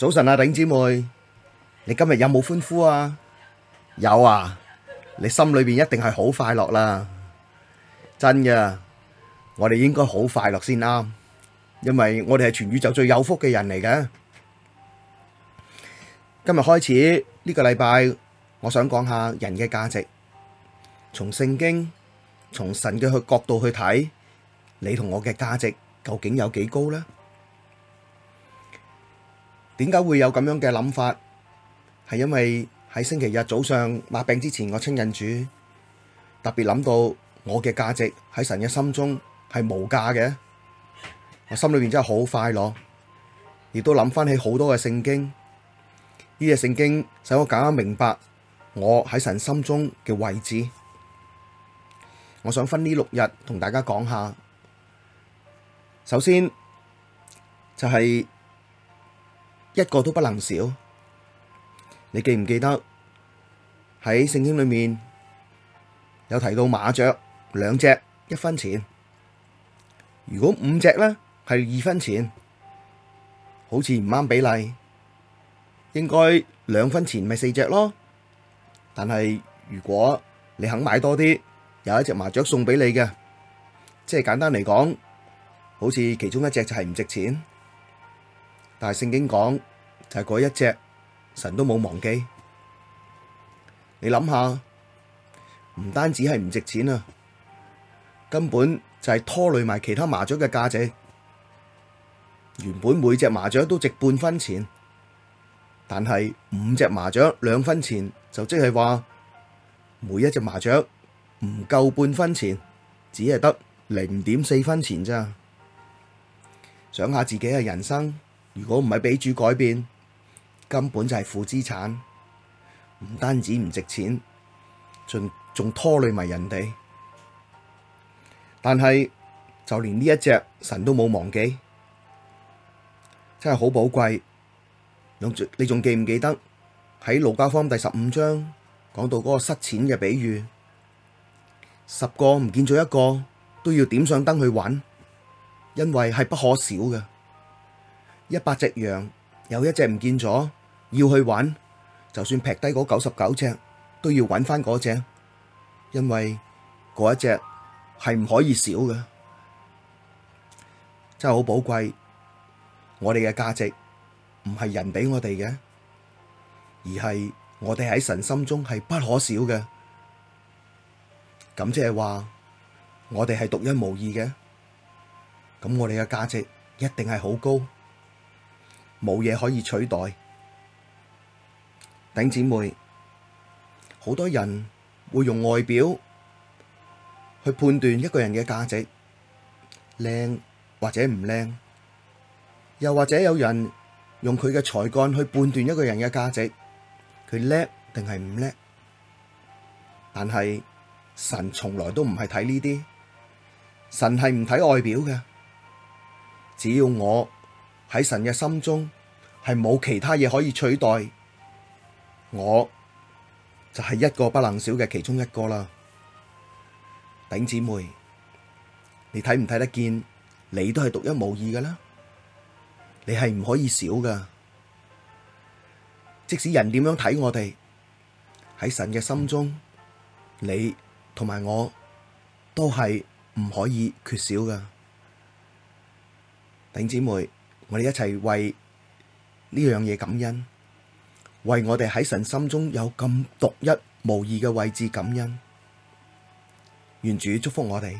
早晨啊，頂姊妹，你今日有冇歡呼啊？有啊，你心裏面一定係好快，快樂啦，真嘅。我哋應該好快樂先啱，因為我哋係全宇宙最有福嘅人嚟嘅。今日開始呢、呢個禮拜，我想講下人嘅價值，從聖經，從神嘅去角度去睇，你同我嘅價值究竟有幾高呢？點解會有咁樣嘅諗法？係因為喺星期日早上擘餅之前，我親近主，特別諗到我嘅價值喺神嘅心中係無價嘅。我心裏面真係好快樂，亦都諗翻起好多嘅聖經，呢個聖經使我搞明白我喺神心中嘅位置。我想分呢六日同大家講下，首先就係，一個都不能少。你記唔記得喺聖經裏面有提到麻雀兩隻一分錢。如果五隻呢，係二分錢，好似唔啱比例，應該兩分錢咪四隻咯。但係如果你肯買多啲，有一隻麻雀送俾你嘅，即係簡單嚟講，好似其中一隻就係唔值錢。但係聖經講就係嗰一隻，神都冇忘記。你諗下，唔單止係唔值錢啊，根本就係拖累埋其他麻雀嘅價值。原本每隻麻雀都值半分錢，但係五隻麻雀兩分錢，就即係話每一隻麻雀唔夠半分錢，只係得零點四分錢咋。想下自己嘅人生。如果唔係俾主改變，根本就係負資產，唔單止唔值錢，仲拖累埋人哋。但係就連呢一隻神都冇忘記，真係好寶貴。你仲你記唔記得喺路加福音第十五章講到嗰個失錢嘅比喻，十個唔見咗一個都要點上燈去揾，因為係不可少嘅。一百隻羊有一隻唔見咗，要去揾，就算撇低嗰九十九隻，都要揾返嗰隻，因為嗰一隻係唔可以少嘅，真係好寶貴。我哋嘅價值唔係人畀我哋嘅，而係我哋喺神心中係不可少嘅。咁即係話我哋係獨一無二嘅，咁我哋嘅價值一定係好高。冇嘢可以取代。頂姊妹，好多人會用外表去判斷一個人嘅價值，靚或者唔靚，又或者有人用佢嘅才幹去判斷一個人嘅價值，佢叻定係唔叻，但係神從來都唔係睇呢啲，神係唔睇外表嘅，只要我。喺神嘅心中係冇其他嘢可以取代，我就係一個不能少嘅其中一個啦。頂姊妹，你睇唔睇得見？你都係獨一無二噶啦，你係唔可以少噶。即使人點樣睇我哋，喺神嘅心中，你同埋我都係唔可以缺少噶。頂姊妹。我哋一齊為呢樣嘢感恩，為我哋喺神心中有咁獨一無二嘅位置感恩，願主祝福我哋。